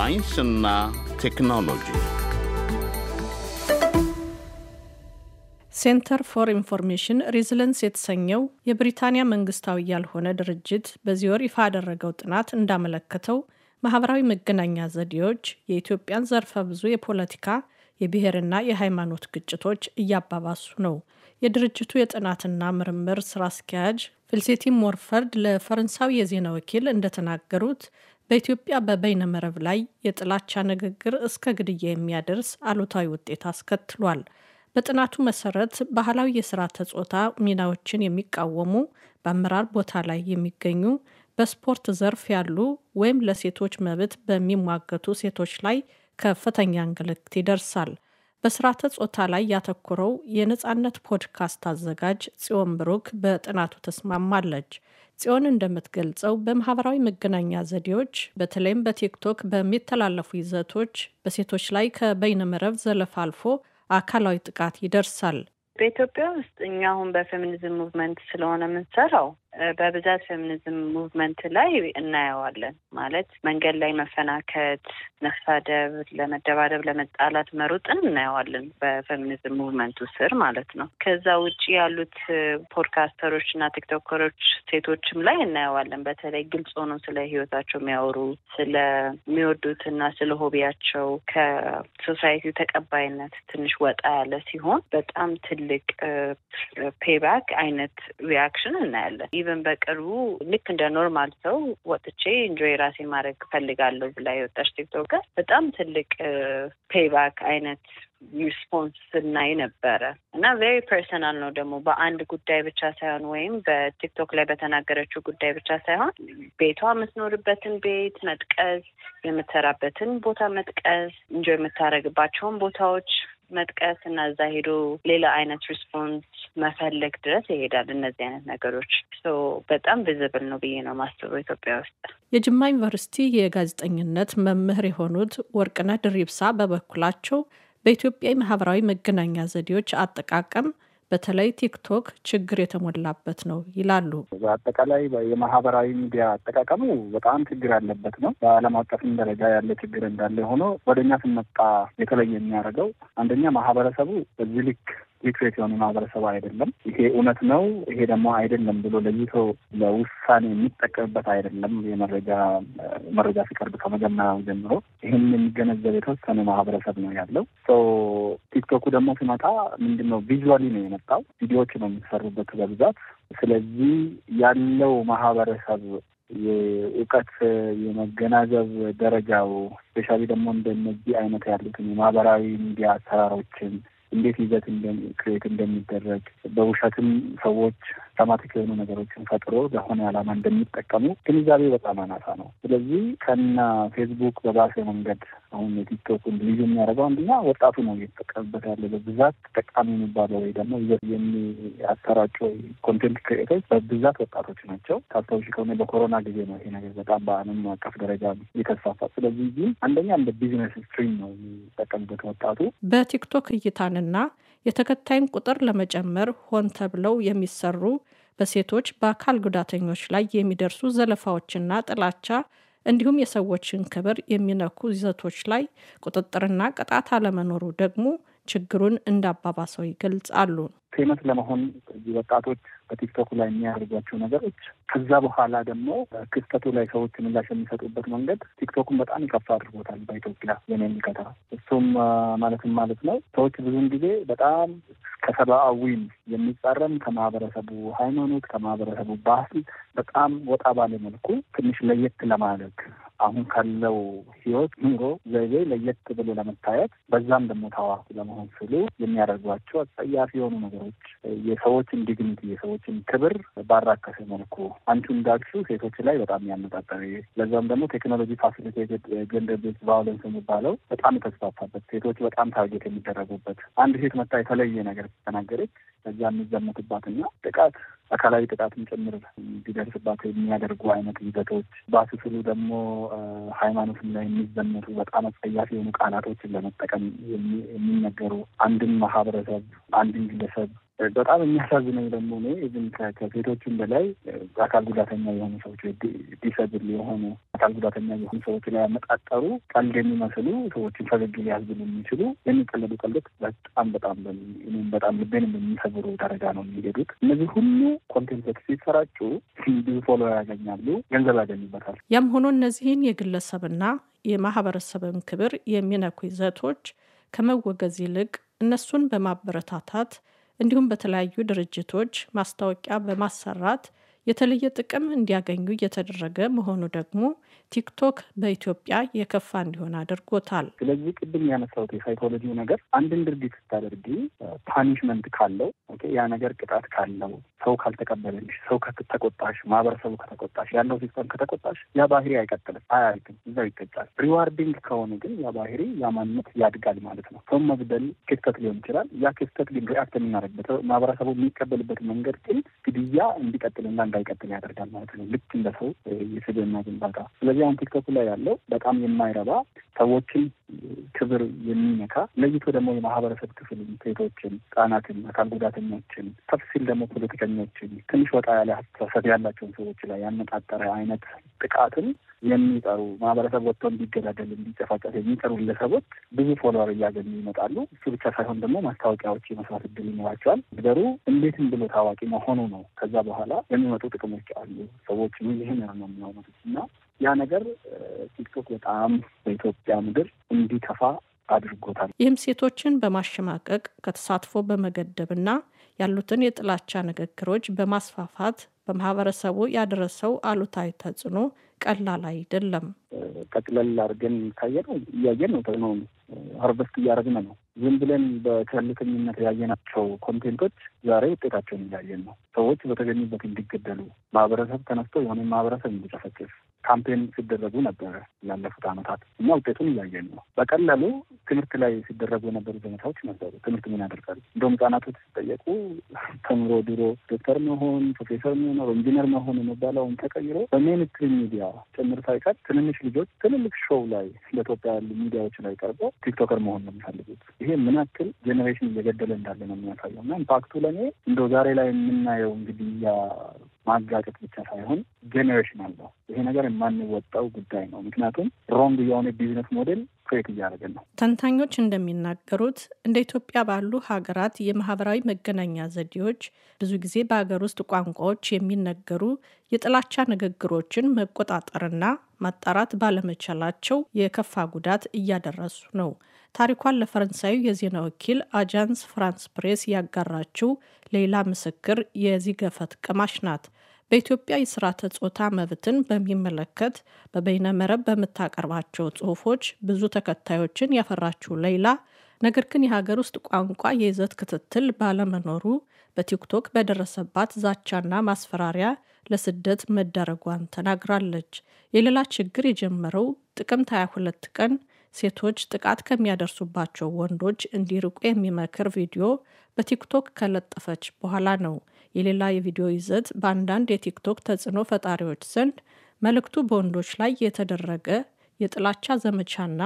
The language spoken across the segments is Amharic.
ሳይንስና ቴክኖሎጂ ሴንተር ፎር ኢንፎርሜሽን ሪዝለንስ የተሰኘው የብሪታንያ መንግስታዊ ያልሆነ ድርጅት በዚህ ወር ይፋ ያደረገው ጥናት እንዳመለከተው ማህበራዊ መገናኛ ዘዴዎች የኢትዮጵያን ዘርፈ ብዙ የፖለቲካ የብሔርና የሃይማኖት ግጭቶች እያባባሱ ነው። የድርጅቱ የጥናትና ምርምር ስራ አስኪያጅ ፍልሴቲ ሞርፈርድ ለፈረንሳዊ የዜና ወኪል እንደተናገሩት በኢትዮጵያ በበይነ መረብ ላይ የጥላቻ ንግግር እስከ ግድያ የሚያደርስ አሉታዊ ውጤት አስከትሏል። በጥናቱ መሰረት ባህላዊ የስራ ተጾታ ሚናዎችን የሚቃወሙ በአመራር ቦታ ላይ የሚገኙ በስፖርት ዘርፍ ያሉ ወይም ለሴቶች መብት በሚሟገቱ ሴቶች ላይ ከፍተኛ እንግልት ይደርሳል። በስርዓተ ጾታ ላይ ያተኮረው የነፃነት ፖድካስት አዘጋጅ ጽዮን ብሩክ በጥናቱ ተስማማለች። ጽዮን እንደምትገልጸው በማህበራዊ መገናኛ ዘዴዎች በተለይም በቲክቶክ በሚተላለፉ ይዘቶች በሴቶች ላይ ከበይነመረብ ዘለፍ አልፎ አካላዊ ጥቃት ይደርሳል። በኢትዮጵያ ውስጥ እኛ አሁን በፌሚኒዝም ሙቭመንት ስለሆነ የምንሰራው በብዛት ፌሚኒዝም ሙቭመንት ላይ እናየዋለን። ማለት መንገድ ላይ መፈናከት፣ መሳደብ፣ ለመደባደብ፣ ለመጣላት መሮጥን እናየዋለን በፌሚኒዝም ሙቭመንቱ ስር ማለት ነው። ከዛ ውጭ ያሉት ፖድካስተሮች እና ቲክቶከሮች ሴቶችም ላይ እናየዋለን። በተለይ ግልጽ ሆኖ ስለ ህይወታቸው የሚያወሩ ስለሚወዱት እና ስለ ሆቢያቸው ከሶሳይቲው ተቀባይነት ትንሽ ወጣ ያለ ሲሆን በጣም ትልቅ ፔባክ አይነት ሪያክሽን እናያለን። ኢቨን በቅርቡ ልክ እንደ ኖርማል ሰው ወጥቼ እንጆይ ራሴ ማድረግ ፈልጋለሁ ብላ የወጣች ቲክቶክ በጣም ትልቅ ፔይባክ አይነት ሪስፖንስ ስናይ ነበረ እና ቬሪ ፐርሰናል ነው ደግሞ በአንድ ጉዳይ ብቻ ሳይሆን ወይም በቲክቶክ ላይ በተናገረችው ጉዳይ ብቻ ሳይሆን ቤቷ የምትኖርበትን ቤት መጥቀስ፣ የምትሰራበትን ቦታ መጥቀስ፣ እንጆ የምታደርግባቸውን ቦታዎች መጥቀስ እና እዛ ሄዶ ሌላ አይነት ሪስፖንስ መፈለግ ድረስ ይሄዳል። እነዚህ አይነት ነገሮች በጣም ቪዝብል ነው ብዬ ነው ማስበው ኢትዮጵያ ውስጥ። የጅማ ዩኒቨርሲቲ የጋዜጠኝነት መምህር የሆኑት ወርቅነህ ድሪብሳ በበኩላቸው በኢትዮጵያ የማህበራዊ መገናኛ ዘዴዎች አጠቃቀም በተለይ ቲክቶክ ችግር የተሞላበት ነው ይላሉ። አጠቃላይ የማህበራዊ ሚዲያ አጠቃቀሙ በጣም ችግር ያለበት ነው። በዓለም አቀፍም ደረጃ ያለ ችግር እንዳለ ሆኖ ወደኛ ስመጣ ስንመጣ የተለየ የሚያደርገው አንደኛ ማህበረሰቡ በዚህ ልክ ሊትሬት የሆነ ማህበረሰብ አይደለም። ይሄ እውነት ነው፣ ይሄ ደግሞ አይደለም ብሎ ለይቶ ለውሳኔ የሚጠቀምበት አይደለም። የመረጃ መረጃ ሲቀርብ ከመጀመሪያው ጀምሮ ይህን የሚገነዘብ የተወሰነ ማህበረሰብ ነው ያለው። ቲክቶኩ ደግሞ ሲመጣ ምንድን ነው ቪዥዋሊ ነው የመጣው፣ ቪዲዮዎች ነው የሚሰሩበት በብዛት። ስለዚህ ያለው ማህበረሰብ የእውቀት የመገናዘብ ደረጃው ስፔሻሊ ደግሞ እንደነዚህ አይነት ያሉትን የማህበራዊ ሚዲያ አሰራሮችን እንዴት ይዘት ክሬት እንደሚደረግ በውሸትም ሰዎች ሲስተማቲክ የሆኑ ነገሮችን ፈጥሮ ለሆነ ዓላማ እንደሚጠቀሙ ግንዛቤ በጣም አናሳ ነው። ስለዚህ ከና ፌስቡክ በባሰ መንገድ አሁን የቲክቶክን ልዩ የሚያደርገው አንደኛ ወጣቱ ነው እየተጠቀምበት ያለ በብዛት ተጠቃሚ የሚባለው ወይ ደግሞ የሚያሰራጨው ኮንቴንት ክሬቶች በብዛት ወጣቶች ናቸው። ታስታውሺ ከሆነ በኮሮና ጊዜ ነው ይሄ ነገር በጣም በዓለም አቀፍ ደረጃ እየተስፋፋ። ስለዚህ ግን አንደኛ እንደ ቢዝነስ ስትሪም ነው የሚጠቀምበት ወጣቱ በቲክቶክ እይታንና የተከታይን ቁጥር ለመጨመር ሆን ተብለው የሚሰሩ በሴቶች በአካል ጉዳተኞች ላይ የሚደርሱ ዘለፋዎችና ጥላቻ እንዲሁም የሰዎችን ክብር የሚነኩ ይዘቶች ላይ ቁጥጥርና ቅጣት አለመኖሩ ደግሞ ችግሩን እንዳባባሰው ይገልጻሉ። ፌመስ ለመሆን ወጣቶች በቲክቶክ ላይ የሚያደርጓቸው ነገሮች ከዛ በኋላ ደግሞ ክስተቱ ላይ ሰዎች ምላሽ የሚሰጡበት መንገድ ቲክቶክን በጣም ይከፋ አድርጎታል በኢትዮጵያ የኔ ምልከታ። እሱም ማለትም ማለት ነው ሰዎች ብዙን ጊዜ በጣም ከሰብአዊም የሚጻረም ከማህበረሰቡ ሃይማኖት፣ ከማህበረሰቡ ባህል በጣም ወጣ ባለ መልኩ ትንሽ ለየት ለማድረግ አሁን ካለው ህይወት ኑሮ ዘይቤ ለየት ብሎ ለመታየት በዛም ደግሞ ታዋቂ ለመሆን ስሉ የሚያደርጓቸው አጸያፊ የሆኑ ነገሮች የሰዎችን ዲግኒቲ የሰዎች የሴቶችን ክብር ባራከሰ መልኩ አንቺ እንዳልሽው ሴቶች ላይ በጣም ያነጣጠረ ለዛም ደግሞ ቴክኖሎጂ ፋሲሊቴትድ ጀንደር ቤዝድ ቫዮለንስ የሚባለው በጣም የተስፋፋበት ሴቶች በጣም ታርጌት የሚደረጉበት አንድ ሴት መታ የተለየ ነገር ተናገረች ከዛ የሚዘመቱባትና ጥቃት አካላዊ ጥቃትም ጭምር እንዲደርስባት የሚያደርጉ አይነት ይዘቶች በአስስሉ ደግሞ ሃይማኖት ላይ የሚዘመቱ በጣም አጸያፊ የሆኑ ቃላቶችን ለመጠቀም የሚነገሩ አንድን ማህበረሰብ አንድን ግለሰብ በጣም የሚያሳዝነኝ ደግሞ እኔ ዝም ከሴቶችም በላይ አካል ጉዳተኛ የሆኑ ሰዎች ዲሰብል የሆኑ አካል ጉዳተኛ የሆኑ ሰዎች ላይ ያመጣጠሩ ቀልድ የሚመስሉ ሰዎችን ፈገግ ሊያዝብል የሚችሉ የሚቀለዱ ቀልዶች በጣም በጣም በጣም ልቤን የሚሰብሩ ደረጃ ነው የሚሄዱት። እነዚህ ሁሉ ኮንቴንቶች ሲሰራጩ ብዙ ፎሎ ያገኛሉ፣ ገንዘብ ያገኙበታል። ያም ሆኖ እነዚህን የግለሰብና የማህበረሰብን ክብር የሚነኩ ይዘቶች ከመወገዝ ይልቅ እነሱን በማበረታታት እንዲሁም በተለያዩ ድርጅቶች ማስታወቂያ በማሰራት የተለየ ጥቅም እንዲያገኙ እየተደረገ መሆኑ ደግሞ ቲክቶክ በኢትዮጵያ የከፋ እንዲሆን አድርጎታል። ስለዚህ ቅድም ያነሳሁት የሳይኮሎጂው ነገር አንድን ድርጊት ስታደርጊ ፓኒሽመንት ካለው ያ ነገር ቅጣት ካለው ሰው ካልተቀበለሽ፣ ሰው ከተቆጣሽ፣ ማህበረሰቡ ከተቆጣሽ፣ ያለው ሲስተም ከተቆጣሽ ያ ባህሪ አይቀጥልም፣ አያልቅም፣ እዛው ይቀጫል። ሪዋርዲንግ ከሆነ ግን ያ ባህሪ ያ ማንነት ያድጋል ማለት ነው። ሰው መግደል ክስተት ሊሆን ይችላል። ያ ክስተት ግን ሪአክት የምናደርግበት ማህበረሰቡ የሚቀበልበት መንገድ ግን ግድያ እንዲቀጥልና እንዳ ሳይቀጥል ያደርጋል ማለት ነው። ልክ እንደ ሰው የስብዕና ግንባታ። ስለዚህ አሁን ቲክቶክ ላይ ያለው በጣም የማይረባ ሰዎችን ክብር የሚነካ ለይቶ ደግሞ የማህበረሰብ ክፍል ሴቶችን፣ ህጻናትን፣ አካል ጉዳተኞችን ከፍ ሲል ደግሞ ፖለቲከኞችን ትንሽ ወጣ ያለ አስተሳሰብ ያላቸውን ሰዎች ላይ ያነጣጠረ አይነት ጥቃትን የሚጠሩ ማህበረሰብ ወጥቶ እንዲገዳደል እንዲጨፋጨፍ የሚጠሩ ግለሰቦች ብዙ ፎሎወር እያገኙ ይመጣሉ። እሱ ብቻ ሳይሆን ደግሞ ማስታወቂያዎች የመስራት እድል ይኖራቸዋል። ግደሩ እንዴትም ብሎ ታዋቂ መሆኑ ነው። ከዛ በኋላ የሚመጡ ጥቅሞች አሉ። ሰዎች ይህን ነው የሚሆኑት እና ያ ነገር ቲክቶክ በጣም በኢትዮጵያ ምድር እንዲከፋ አድርጎታል። ይህም ሴቶችን በማሸማቀቅ ከተሳትፎ በመገደብና ያሉትን የጥላቻ ንግግሮች በማስፋፋት በማህበረሰቡ ያደረሰው አሉታዊ ተጽዕኖ ቀላል አይደለም። ጠቅለል አድርገን ካየነው እያየን ነው። ተጽዕኖ ሀርቨስት እያደረግን ነው። ዝም ብለን በቸልተኝነት ያየናቸው ኮንቴንቶች ዛሬ ውጤታቸውን እያየን ነው። ሰዎች በተገኙበት እንዲገደሉ፣ ማህበረሰብ ተነስቶ የሆነ ማህበረሰብ እንዲጨፈጭፍ ካምፔን ሲደረጉ ነበረ ላለፉት ዓመታት እና ውጤቱን እያየን ነው። በቀላሉ ትምህርት ላይ ሲደረጉ የነበሩ ዘመቻዎች ነበሩ። ትምህርት ምን ያደርጋል? እንደውም ህጻናቶች ሲጠየቁ ተምሮ ድሮ ዶክተር መሆን፣ ፕሮፌሰር መሆን፣ ኢንጂነር መሆን የሚባለውን ተቀይሮ በሜንስትሪም ሚዲያ ጭምር ሳይቀር ትንንሽ ልጆች ትልልቅ ሾው ላይ በኢትዮጵያ ያሉ ሚዲያዎች ላይ ቀርቦ ቲክቶከር መሆን ነው የሚፈልጉት። ይሄ ምን ያክል ጄኔሬሽን እየገደለ እንዳለ ነው የሚያሳየው እና ኢምፓክቱ ለእኔ እንደው ዛሬ ላይ የምናየው እንግዲህ ማጋጨት ብቻ ሳይሆን ጄኔሬሽናል አለው። ይሄ ነገር የማንወጣው ጉዳይ ነው። ምክንያቱም ሮንግ የሆነ ቢዝነስ ሞዴል ክሬት እያደረገን ነው። ተንታኞች እንደሚናገሩት እንደ ኢትዮጵያ ባሉ ሀገራት የማህበራዊ መገናኛ ዘዴዎች ብዙ ጊዜ በሀገር ውስጥ ቋንቋዎች የሚነገሩ የጥላቻ ንግግሮችን መቆጣጠርና ማጣራት ባለመቻላቸው የከፋ ጉዳት እያደረሱ ነው። ታሪኳን ለፈረንሳዩ የዜና ወኪል አጃንስ ፍራንስ ፕሬስ ያጋራችው ሌላ ምስክር የዚህ ገፈት ቀማሽ ናት። በኢትዮጵያ የስርዓተ ጾታ መብትን በሚመለከት በበይነ መረብ በምታቀርባቸው ጽሁፎች ብዙ ተከታዮችን ያፈራችው ሌላ ነገር ግን የሀገር ውስጥ ቋንቋ የይዘት ክትትል ባለመኖሩ በቲክቶክ በደረሰባት ዛቻና ማስፈራሪያ ለስደት መደረጓን ተናግራለች። የሌላ ችግር የጀመረው ጥቅምት 22 ቀን ሴቶች ጥቃት ከሚያደርሱባቸው ወንዶች እንዲርቁ የሚመክር ቪዲዮ በቲክቶክ ከለጠፈች በኋላ ነው። የሌላ የቪዲዮ ይዘት በአንዳንድ የቲክቶክ ተጽዕኖ ፈጣሪዎች ዘንድ መልእክቱ በወንዶች ላይ የተደረገ የጥላቻ ዘመቻና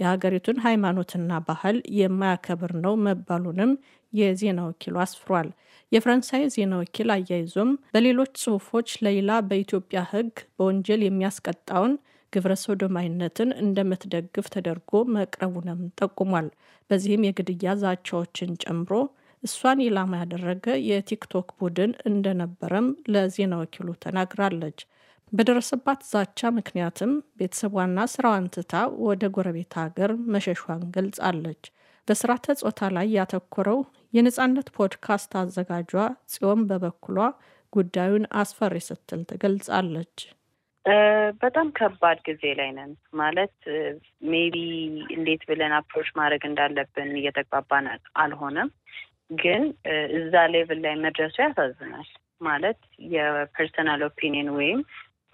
የሀገሪቱን ሃይማኖትና ባህል የማያከብር ነው መባሉንም የዜና ወኪሉ አስፍሯል። የፈረንሳይ ዜና ወኪል አያይዞም በሌሎች ጽሁፎች ለይላ በኢትዮጵያ ሕግ በወንጀል የሚያስቀጣውን ግብረ ሶዶማይነትን እንደምትደግፍ ተደርጎ መቅረቡንም ጠቁሟል። በዚህም የግድያ ዛቻዎችን ጨምሮ እሷን ኢላማ ያደረገ የቲክቶክ ቡድን እንደነበረም ለዜና ወኪሉ ተናግራለች። በደረሰባት ዛቻ ምክንያትም ቤተሰቧና ስራዋን ትታ ወደ ጎረቤት ሀገር መሸሿን ገልጻለች። በስርዓተ ጾታ ላይ ያተኮረው የነፃነት ፖድካስት አዘጋጇ ጽዮን በበኩሏ ጉዳዩን አስፈሪ ስትል ትገልጻለች። በጣም ከባድ ጊዜ ላይ ነን ማለት ሜቢ እንዴት ብለን አፕሮች ማድረግ እንዳለብን እየተግባባን አልሆነም። ግን እዛ ሌቭል ላይ መድረሱ ያሳዝናል። ማለት የፐርሰናል ኦፒኒየን ወይም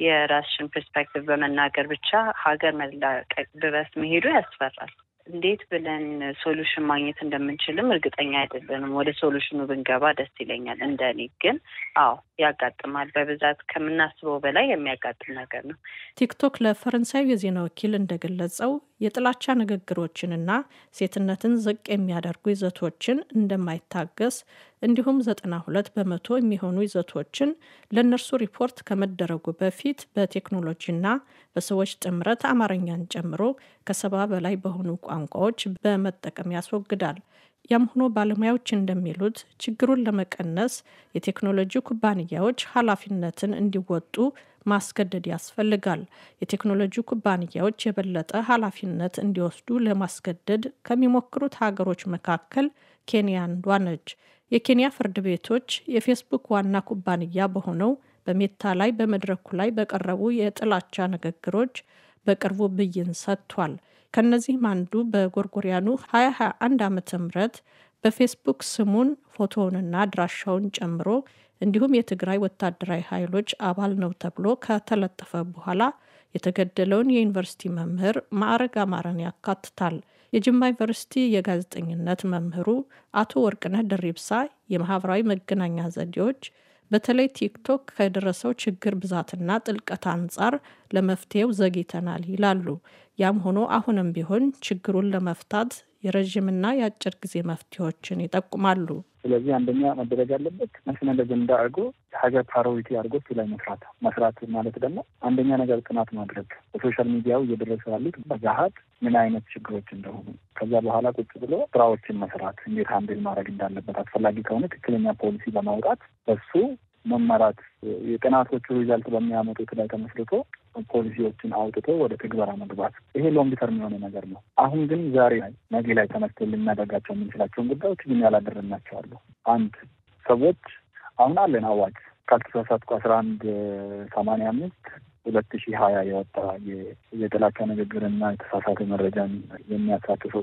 የራስሽን ፐርስፔክቲቭ በመናገር ብቻ ሀገር መላቀቅ ድረስ መሄዱ ያስፈራል። እንዴት ብለን ሶሉሽን ማግኘት እንደምንችልም እርግጠኛ አይደለንም። ወደ ሶሉሽኑ ብንገባ ደስ ይለኛል። እንደኔ ግን አዎ ያጋጥማል። በብዛት ከምናስበው በላይ የሚያጋጥም ነገር ነው። ቲክቶክ ለፈረንሳዩ የዜና ወኪል እንደገለጸው የጥላቻ ንግግሮችንና ሴትነትን ዝቅ የሚያደርጉ ይዘቶችን እንደማይታገስ እንዲሁም 92 በመቶ የሚሆኑ ይዘቶችን ለእነርሱ ሪፖርት ከመደረጉ በፊት በቴክኖሎጂና በሰዎች ጥምረት አማርኛን ጨምሮ ከሰባ በላይ በሆኑ ቋንቋዎች በመጠቀም ያስወግዳል። ያም ሆኖ ባለሙያዎች እንደሚሉት ችግሩን ለመቀነስ የቴክኖሎጂ ኩባንያዎች ኃላፊነትን እንዲወጡ ማስገደድ ያስፈልጋል። የቴክኖሎጂ ኩባንያዎች የበለጠ ኃላፊነት እንዲወስዱ ለማስገደድ ከሚሞክሩት ሀገሮች መካከል ኬንያ አንዷ ነች። የኬንያ ፍርድ ቤቶች የፌስቡክ ዋና ኩባንያ በሆነው በሜታ ላይ በመድረኩ ላይ በቀረቡ የጥላቻ ንግግሮች በቅርቡ ብይን ሰጥቷል። ከነዚህም አንዱ በጎርጎሪያኑ 2021 ዓ ም በፌስቡክ ስሙን ፎቶውንና አድራሻውን ጨምሮ እንዲሁም የትግራይ ወታደራዊ ኃይሎች አባል ነው ተብሎ ከተለጠፈ በኋላ የተገደለውን የዩኒቨርሲቲ መምህር ማዕረግ አማረን ያካትታል። የጅማ ዩኒቨርሲቲ የጋዜጠኝነት መምህሩ አቶ ወርቅነህ ድሪብሳ የማህበራዊ መገናኛ ዘዴዎች በተለይ ቲክቶክ ከደረሰው ችግር ብዛትና ጥልቀት አንጻር ለመፍትሄው ዘግይተናል ይላሉ። ያም ሆኖ አሁንም ቢሆን ችግሩን ለመፍታት የረዥምና የአጭር ጊዜ መፍትሄዎችን ይጠቁማሉ። ስለዚህ አንደኛ መደረግ ያለበት ናሽናል አጀንዳ አድርጎ ሀገር ፓሮሪቲ አድርጎ እሱ ላይ መስራት መስራት ማለት ደግሞ አንደኛ ነገር ጥናት ማድረግ በሶሻል ሚዲያው እየደረሰ ያሉት በዛሀት ምን አይነት ችግሮች እንደሆኑ ከዛ በኋላ ቁጭ ብሎ ስራዎችን መስራት እንዴት አንድል ማድረግ እንዳለበት አስፈላጊ ከሆነ ትክክለኛ ፖሊሲ በማውጣት በሱ መመራት የጥናቶቹ ሪዛልት በሚያመጡት ላይ ተመስርቶ ፖሊሲዎችን አውጥቶ ወደ ትግበራ መግባት ይሄ ሎንግ ተርም የሆነ ነገር ነው። አሁን ግን ዛሬ ላይ ነገ ላይ ተመስቶ ልናደርጋቸው የምንችላቸውን ጉዳዮች ግን ያላደረግናቸው አሉ። አንድ ሰዎች አሁን አለን አዋጅ ካልተሳሳትኩ አስራ አንድ ሰማንያ አምስት ሁለት ሺህ ሀያ የወጣ የጥላቻ ንግግርና የተሳሳተ መረጃን የሚያሳትፉ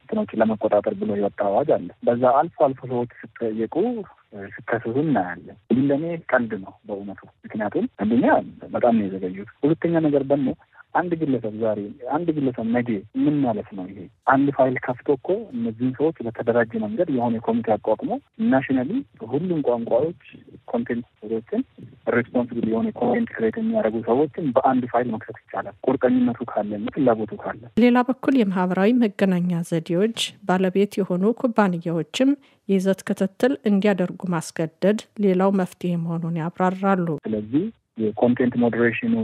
እንትኖችን ለመቆጣጠር ብሎ የወጣ አዋጅ አለ። በዛ አልፎ አልፎ ሰዎች ስጠየቁ ስከስቡ እናያለን። ግን ለእኔ ቀልድ ነው በእውነቱ። ምክንያቱም አንደኛ በጣም ነው የዘገዩት፣ ሁለተኛ ነገር ደግሞ አንድ ግለሰብ ዛሬ አንድ ግለሰብ ነገ ምን ማለት ነው? ይሄ አንድ ፋይል ከፍቶ እኮ እነዚህን ሰዎች በተደራጀ መንገድ የሆነ የኮሚቴ አቋቁሞ ናሽናሊ ሁሉም ቋንቋዎች ኮንቴንት ሰዎችን ሬስፖንስብል የሆነ ኮንቴንት ክሬት የሚያደርጉ ሰዎችን በአንድ ፋይል መክሰት ይቻላል፣ ቁርጠኝነቱ ካለ፣ ፍላጎቱ ካለ። ሌላ በኩል የማህበራዊ መገናኛ ዘዴዎች ባለቤት የሆኑ ኩባንያዎችም የይዘት ክትትል እንዲያደርጉ ማስገደድ ሌላው መፍትሄ መሆኑን ያብራራሉ። ስለዚህ የኮንቴንት ሞዴሬሽኑ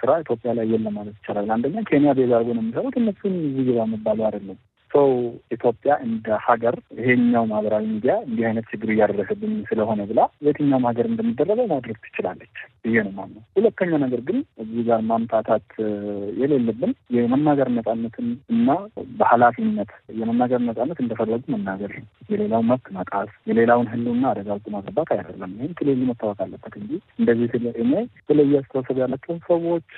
ስራ ኢትዮጵያ ላይ የለም ማለት ይቻላል። አንደኛ ኬንያ ቤዝ አድርጎ ነው የሚሰሩት። እነሱን ዝግባ ግባ የሚባሉ አይደለም። ሰው ኢትዮጵያ እንደ ሀገር ይሄኛው ማህበራዊ ሚዲያ እንዲህ አይነት ችግር እያደረሰብን ስለሆነ ብላ የትኛውም ሀገር እንደሚደረገው ማድረግ ትችላለች ብዬ ነው ማምነው። ሁለተኛው ነገር ግን እዚህ ጋር ማምታታት የሌለብን የመናገር ነጻነትን እና በኃላፊነት የመናገር ነጻነት እንደፈለጉ መናገር፣ የሌላውን መብት መጣስ፣ የሌላውን ሕልውና አደጋ ውስጥ ማስገባት አይደለም። ይህም ክሌል መታወቅ አለበት እንጂ እንደዚህ እኔ የተለየ አስተሳሰብ ያላቸውን ሰዎች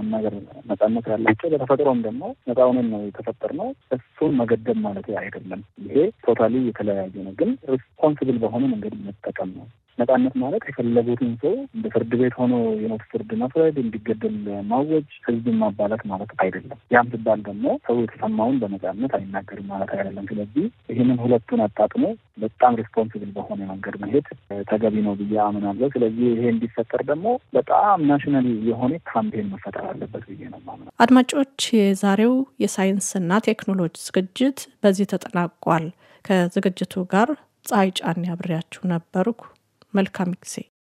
መናገር ነጻነት ያላቸው በተፈጥሮም ደግሞ ነጻውንን ነው የተፈጠር ነው እሱን መገደብ ማለት አይደለም። ይሄ ቶታሊ የተለያየ ነው፣ ግን ሪስፖንስብል በሆነ መንገድ መጠቀም ነው። ነጻነት ማለት የፈለጉትን ሰው እንደ ፍርድ ቤት ሆኖ የሞት ፍርድ መፍረድ፣ እንዲገደል ማወጅ፣ ህዝብን ማባላት ማለት አይደለም። ያም ሲባል ደግሞ ሰው የተሰማውን በነጻነት አይናገርም ማለት አይደለም። ስለዚህ ይህንን ሁለቱን አጣጥሞ በጣም ሪስፖንስብል በሆነ መንገድ መሄድ ተገቢ ነው ብዬ አምናለሁ። ስለዚህ ይሄ እንዲፈጠር ደግሞ በጣም ናሽናል የሆነ ካምፔን መፈጠር አለበት ብዬ ነው ማምናለሁ። አድማጮች፣ የዛሬው የሳይንስና ቴክኖሎጂ ዝግጅት በዚህ ተጠናቋል። ከዝግጅቱ ጋር ፀሐይ ጫን ያብሬያችሁ ነበርኩ። Malcolm X.